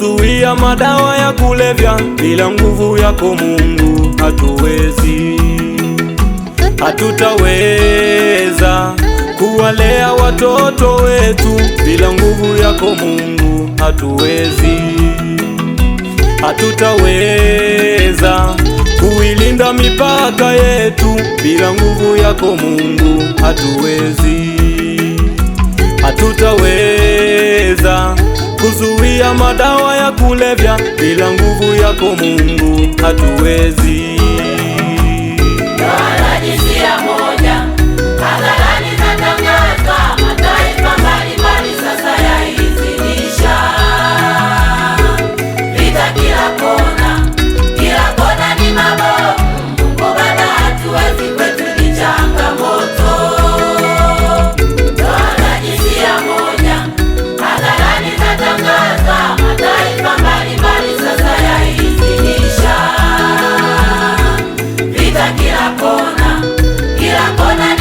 kuzuia madawa ya kulevya, bila nguvu yako Mungu hatuwezi, hatutaweza kuwalea watoto wetu, bila nguvu yako Mungu hatuwezi, hatutaweza kuilinda mipaka yetu, bila nguvu yako Mungu hatuwezi, hatutaweza kuzuia madawa ya kulevya. Bila nguvu yako Mungu hatuwezi. kona, kila kona